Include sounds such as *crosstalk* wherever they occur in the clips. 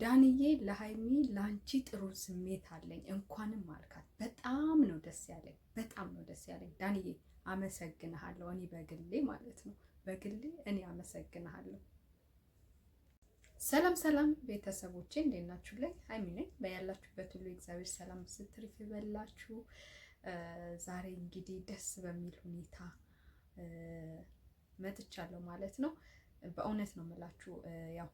ዳንዬ ለሀይሚ ለአንቺ ጥሩ ስሜት አለኝ፣ እንኳንም አልካት። በጣም ነው ደስ ያለኝ፣ በጣም ነው ደስ ያለኝ። ዳንዬ አመሰግንሃለሁ። እኔ በግሌ ማለት ነው፣ በግሌ እኔ አመሰግንሃለሁ። ሰላም ሰላም ቤተሰቦቼ እንዴት ናችሁ? ላይ ሀይሚ ነኝ። በያላችሁበት ሁሉ እግዚአብሔር ሰላም ስትርፍ ይበላችሁ። ዛሬ እንግዲህ ደስ በሚል ሁኔታ መጥቻለሁ ማለት ነው። በእውነት ነው የምላችሁ ያው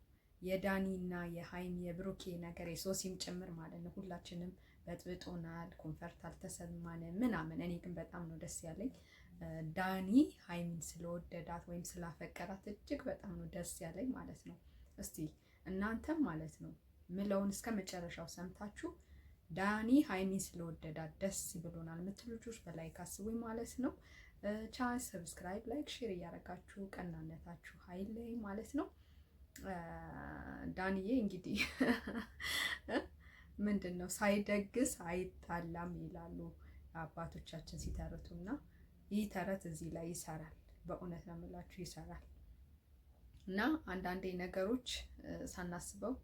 የዳኒ እና የሀይሚ የብሩኬ ነገር የሶሲም ጭምር ማለት ነው። ሁላችንም በጥብጦናል፣ ኮንፈርት አልተሰማንም ምናምን። እኔ ግን በጣም ነው ደስ ያለኝ ዳኒ ሀይሚን ስለወደዳት ወይም ስላፈቀራት እጅግ በጣም ነው ደስ ያለኝ ማለት ነው። እስቲ እናንተም ማለት ነው ምለውን እስከ መጨረሻው ሰምታችሁ ዳኒ ሀይሚን ስለወደዳት ደስ ብሎናል የምትሉ ልጆች በላይ ካስቡኝ ማለት ነው። ቻንስ ሰብስክራይብ፣ ላይክ፣ ሼር እያደረጋችሁ ቀናነታችሁ ሀይል ማለት ነው ዳንዬ እንግዲህ *laughs* ምንድን ነው ሳይደግስ አይታላም ይላሉ አባቶቻችን እና ይህ ተረት እዚህ ላይ ይሰራል። በእውነት ነው የምላችሁ ይሰራል። እና አንዳንዴ ነገሮች ሳናስበው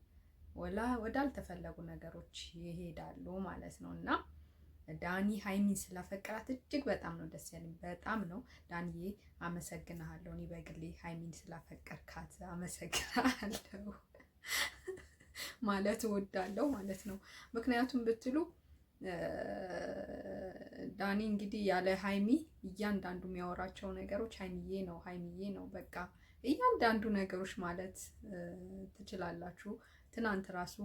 ወላ ወዳልተፈለጉ ነገሮች ይሄዳሉ ማለት ነው እና ዳኒ ሀይሚን ስላፈቀራት እጅግ በጣም ነው ደስ ያለኝ። በጣም ነው ዳኒዬ፣ አመሰግናለሁ። እኔ በግሌ ሀይሚን ስላፈቀርካት አመሰግናለሁ *laughs* ማለት እወዳለሁ ማለት ነው። ምክንያቱም ብትሉ ዳኒ እንግዲህ ያለ ሀይሚ እያንዳንዱ የሚያወራቸው ነገሮች ሀይሚዬ ነው ሀይሚዬ ነው በቃ እያንዳንዱ ነገሮች ማለት ትችላላችሁ። ትናንት ራሱ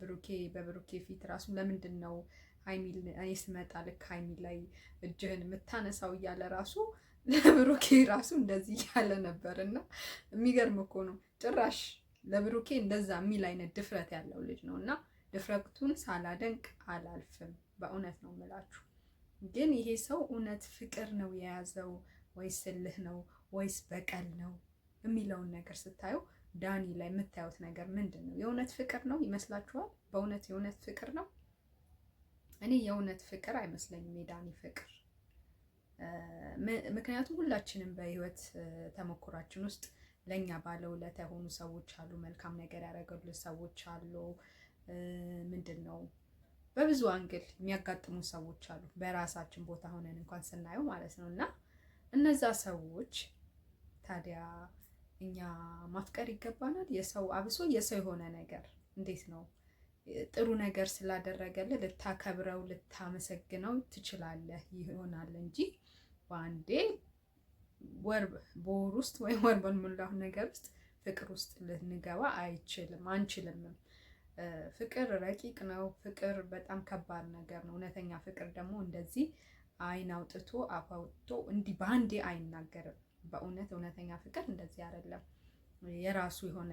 ብሩኬ በብሩኬ ፊት ራሱ ለምንድን ነው ሀይሚል እኔ ስመጣ ልክ ሀይሚል ላይ እጅህን የምታነሳው እያለ ራሱ ለብሩኬ ራሱ እንደዚህ እያለ ነበር እና የሚገርም እኮ ነው። ጭራሽ ለብሩኬ እንደዛ የሚል አይነት ድፍረት ያለው ልጅ ነው እና ድፍረቱን ሳላደንቅ አላልፍም። በእውነት ነው የምላችሁ። ግን ይሄ ሰው እውነት ፍቅር ነው የያዘው ወይስ ስልህ ነው ወይስ በቀል ነው የሚለውን ነገር ስታዩ ዳኒ ላይ የምታዩት ነገር ምንድን ነው? የእውነት ፍቅር ነው ይመስላችኋል? በእውነት የእውነት ፍቅር ነው እኔ የእውነት ፍቅር አይመስለኝም የዳኒ ፍቅር። ምክንያቱም ሁላችንም በህይወት ተሞክሯችን ውስጥ ለእኛ ባለውለታ የሆኑ ሰዎች አሉ፣ መልካም ነገር ያደረገሉ ሰዎች አሉ። ምንድን ነው በብዙ አንግል የሚያጋጥሙ ሰዎች አሉ፣ በራሳችን ቦታ ሆነን እንኳን ስናየው ማለት ነው። እና እነዛ ሰዎች ታዲያ እኛ ማፍቀር ይገባናል? የሰው አብሶ የሰው የሆነ ነገር እንዴት ነው ጥሩ ነገር ስላደረገልህ ልታከብረው ልታመሰግነው ትችላለህ ይሆናል እንጂ በአንዴ ወር በወር ውስጥ ወይም ወር በሞላው ነገር ውስጥ ፍቅር ውስጥ ልንገባ አይችልም አንችልምም። ፍቅር ረቂቅ ነው። ፍቅር በጣም ከባድ ነገር ነው። እውነተኛ ፍቅር ደግሞ እንደዚህ አይን አውጥቶ አፍ አውጥቶ እንዲህ በአንዴ አይናገርም። በእውነት እውነተኛ ፍቅር እንደዚህ አይደለም። የራሱ የሆነ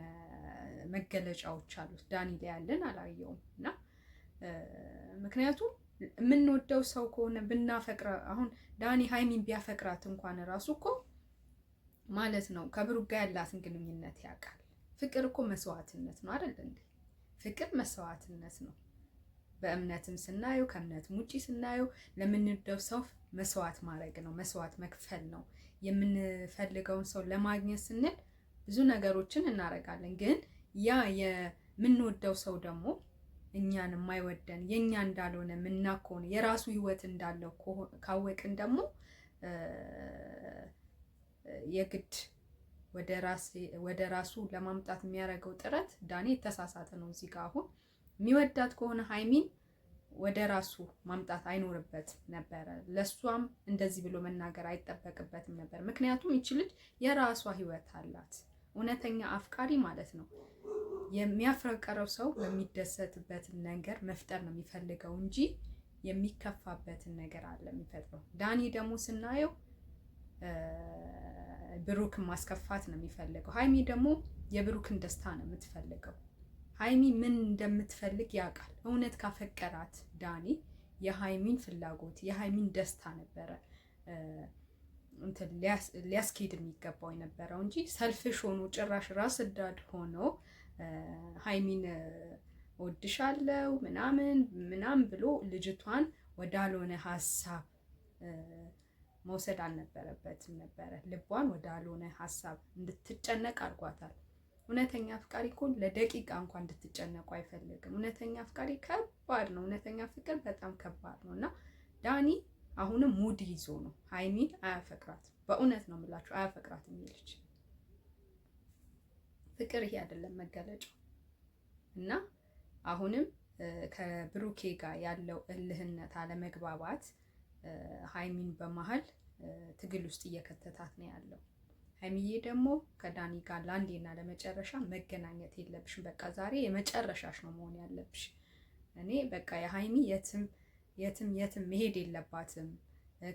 መገለጫዎች አሉት። ዳኒ ላይ ያለን አላየውም እና ምክንያቱም የምንወደው ሰው ከሆነ ብናፈቅረ አሁን ዳኒ ሀይሚን ቢያፈቅራት እንኳን ራሱ እኮ ማለት ነው ከብሩክ ጋር ያላትን ግንኙነት ያውቃል። ፍቅር እኮ መስዋዕትነት ነው አይደል እንዴ? ፍቅር መስዋዕትነት ነው። በእምነትም ስናየው ከእምነትም ውጪ ስናየው ለምንወደው ሰው መስዋዕት ማድረግ ነው፣ መስዋዕት መክፈል ነው። የምንፈልገውን ሰው ለማግኘት ስንል ብዙ ነገሮችን እናደርጋለን ግን ያ የምንወደው ሰው ደግሞ እኛን የማይወደን የእኛ እንዳልሆነ ምና ከሆነ የራሱ ህይወት እንዳለው ካወቅን ደግሞ የግድ ወደ ራሱ ለማምጣት የሚያደርገው ጥረት ዳኔ የተሳሳተ ነው። እዚህ ጋር አሁን የሚወዳት ከሆነ ሀይሚን ወደ ራሱ ማምጣት አይኖርበት ነበረ። ለእሷም እንደዚህ ብሎ መናገር አይጠበቅበትም ነበር። ምክንያቱም ይች ልጅ የራሷ ህይወት አላት። እውነተኛ አፍቃሪ ማለት ነው። የሚያፍረቀረው ሰው የሚደሰትበትን ነገር መፍጠር ነው የሚፈልገው እንጂ የሚከፋበትን ነገር አለ የሚፈጥረው። ዳኒ ደግሞ ስናየው ብሩክን ማስከፋት ነው የሚፈልገው። ሀይሚ ደግሞ የብሩክን ደስታ ነው የምትፈልገው። ሀይሚ ምን እንደምትፈልግ ያውቃል። እውነት ካፈቀራት ዳኒ የሀይሚን ፍላጎት የሀይሚን ደስታ ነበረ እንትን ሊያስኬድ የሚገባው የነበረው እንጂ ሰልፍሽ ሆኖ ጭራሽ ራስ እዳድ ሆኖ ሀይሚን ወድሻለው ምናምን ምናምን ብሎ ልጅቷን ወዳልሆነ ሀሳብ መውሰድ አልነበረበትም ነበረ። ልቧን ወዳልሆነ ሀሳብ እንድትጨነቅ አድርጓታል። እውነተኛ አፍቃሪ እኮ ለደቂቃ እንኳን እንድትጨነቁ አይፈልግም። እውነተኛ አፍቃሪ ከባድ ነው። እውነተኛ ፍቅር በጣም ከባድ ነው እና ዳኒ አሁንም ሙድ ይዞ ነው። ሀይሚን አያፈቅራት። በእውነት ነው የምላችሁ አያፈቅራት የሚልች ፍቅር ይሄ አይደለም መገለጫው እና አሁንም ከብሩኬ ጋር ያለው እልህነት አለመግባባት ሀይሚን በመሀል ትግል ውስጥ እየከተታት ነው ያለው። ሀይሚዬ ደግሞ ከዳኒ ጋር ለአንዴና ለመጨረሻ መገናኘት የለብሽም። በቃ ዛሬ የመጨረሻሽ ነው መሆን ያለብሽ። እኔ በቃ የሀይሚ የትም የትም የትም መሄድ የለባትም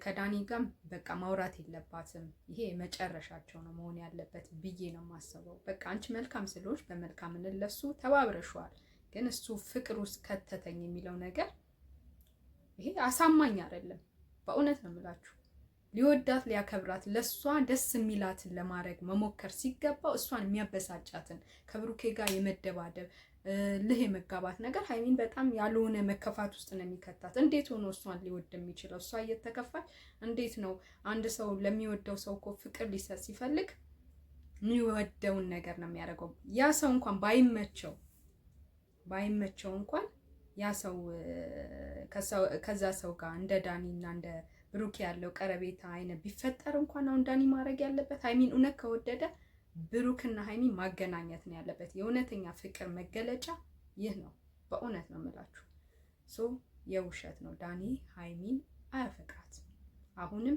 ከዳኒ ጋም በቃ ማውራት የለባትም። ይሄ መጨረሻቸው ነው መሆን ያለበት ብዬ ነው የማስበው። በቃ አንቺ መልካም ስለሆንሽ በመልካም እንለሱ ተባብረሽዋል፣ ግን እሱ ፍቅር ውስጥ ከተተኝ የሚለው ነገር ይሄ አሳማኝ አይደለም። በእውነት ነው የምላችሁ። ሊወዳት ሊያከብራት፣ ለእሷ ደስ የሚላትን ለማድረግ መሞከር ሲገባው እሷን የሚያበሳጫትን ከብሩኬ ጋር የመደባደብ ልህ የመጋባት ነገር ሀይሚን በጣም ያልሆነ መከፋት ውስጥ ነው የሚከታት። እንዴት ሆኖ እሷን ሊወድ የሚችለው? እሷ እየተከፋች እንዴት ነው አንድ ሰው ለሚወደው ሰው እኮ ፍቅር ሊሰጥ ሲፈልግ የሚወደውን ነገር ነው የሚያደርገው። ያ ሰው እንኳን ባይመቸው ባይመቸው እንኳን ያ ሰው ከዛ ሰው ጋር እንደ ዳኒ እና እንደ ብሩክ ያለው ቀረቤታ አይነት ቢፈጠር እንኳን አሁን ዳኒ ማድረግ ያለበት ሀይሚን እውነት ከወደደ ብሩክና ሀይሚ ማገናኘት ነው ያለበት። የእውነተኛ ፍቅር መገለጫ ይህ ነው። በእውነት ነው የምላችሁ። ሶ የውሸት ነው። ዳኒ ሀይሚን አያፈቅራት። አሁንም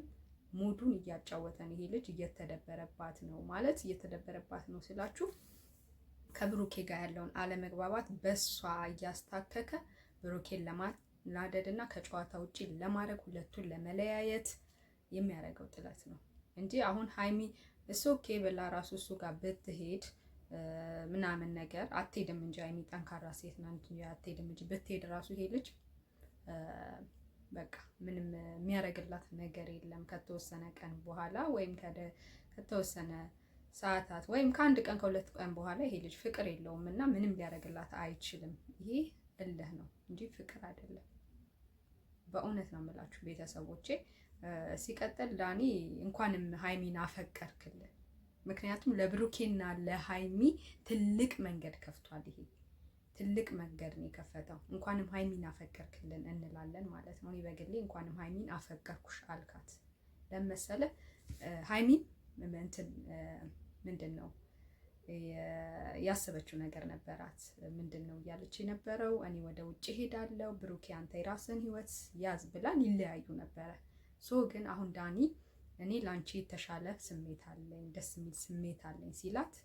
ሙዱን እያጫወተን ይሄ ልጅ እየተደበረባት ነው ማለት እየተደበረባት ነው ስላችሁ ከብሩኬ ጋር ያለውን አለመግባባት በሷ እያስታከከ ብሩኬን ለማናደድ እና ከጨዋታ ውጪ ለማድረግ ሁለቱን ለመለያየት የሚያደርገው ጥረት ነው እንጂ አሁን ሀይሚ እሱ ኦኬ ብላ ራሱ እሱ ጋር ብትሄድ ምናምን ነገር አትሄድም እንጂ አይሚ ጠንካራ ሴት ናት እንጂ አትሄድም እንጂ ብትሄድ ራሱ ይሄ ልጅ በቃ ምንም የሚያደርግላት ነገር የለም። ከተወሰነ ቀን በኋላ ወይም ከተወሰነ ሰዓታት ወይም ከአንድ ቀን ከሁለት ቀን በኋላ ይሄ ልጅ ፍቅር የለውም እና ምንም ሊያደርግላት አይችልም። ይሄ እልህ ነው እንጂ ፍቅር አይደለም። በእውነት ነው የምላችሁ ቤተሰቦቼ። ሲቀጥል ዳኒ እንኳንም ሀይሚን አፈቀርክልን። ምክንያቱም ለብሩኬና ለሀይሚ ትልቅ መንገድ ከፍቷል። ይሄ ትልቅ መንገድ ነው የከፈተው። እንኳንም ሀይሚን አፈቀርክልን እንላለን ማለት ነው። እኔ በግሌ እንኳንም ሀይሚን አፈቀርኩሽ አልካት ለመሰለ ሀይሚን ምንትን ምንድን ነው ያሰበችው ነገር ነበራት። ምንድን ነው እያለች የነበረው? እኔ ወደ ውጭ ሄዳለው፣ ብሩኬ አንተ የራስን ህይወት ያዝ ብላን ይለያዩ ነበረ። ሶ ግን አሁን ዳኒ እኔ ላንቺ የተሻለ ስሜት አለኝ፣ ደስ የሚል ስሜት አለኝ ሲላት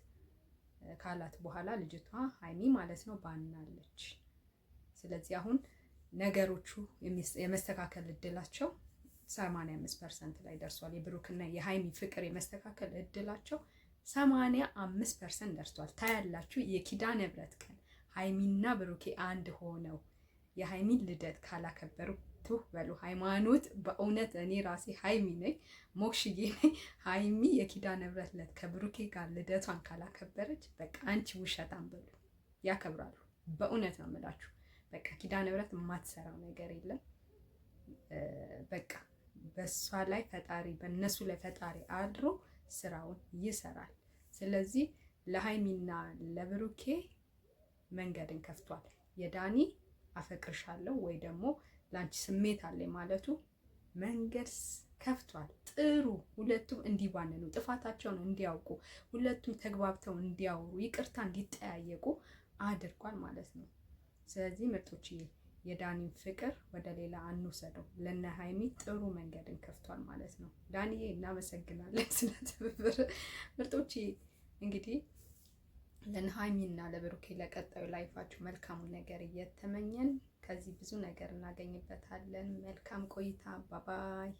ካላት በኋላ ልጅቷ ሀይሚ ማለት ነው ባናለች። ስለዚህ አሁን ነገሮቹ የመስተካከል እድላቸው ሰማንያ ፐርሰንት ላይ ደርሷል። የብሩክና የሀይሚ ፍቅር የመስተካከል እድላቸው ሰማንያ አምስት ፐርሰንት ደርሷል። ታያላችሁ። የኪዳነ ምሕረት ቀን ሀይሚና ብሩኬ አንድ ሆነው የሀይሚን ልደት ካላከበሩ ቱህ በሉ ሃይማኖት። በእውነት እኔ ራሴ ሀይሚ ነኝ፣ ሞክሽዬ ነኝ። ሀይሚ የኪዳነ ምሕረት ዕለት ከብሩኬ ጋር ልደቷን ካላከበረች በቃ አንቺ ውሸታም በሉ። ያከብራሉ። በእውነት ነው የምላችሁ። በቃ ኪዳነ ምሕረት የማትሰራው ነገር የለም። በቃ በእሷ ላይ ፈጣሪ በእነሱ ላይ ፈጣሪ አድሮ ስራውን ይሰራል። ስለዚህ ለሀይሚና ለብሩኬ መንገድን ከፍቷል። የዳኒ አፈቅርሻለሁ ወይ ደግሞ ለአንቺ ስሜት አለ ማለቱ መንገድ ከፍቷል። ጥሩ ሁለቱም እንዲባንኑ ጥፋታቸውን እንዲያውቁ ሁለቱም ተግባብተው እንዲያወሩ ይቅርታ እንዲጠያየቁ አድርጓል ማለት ነው። ስለዚህ ምርጦች የዳኒን ፍቅር ወደ ሌላ አንውሰደው። ለነ ሀይሚ ጥሩ መንገድን ከፍቷል ማለት ነው። ዳኒ እናመሰግናለን *laughs* ስለ ትብብር ምርጦች እንግዲህ ለነሃይሚና ለብሩኬ ለቀጣዩ ላይፋችሁ መልካሙን ነገር እየተመኘን ከዚህ ብዙ ነገር እናገኝበታለን። መልካም ቆይታ። ባባይ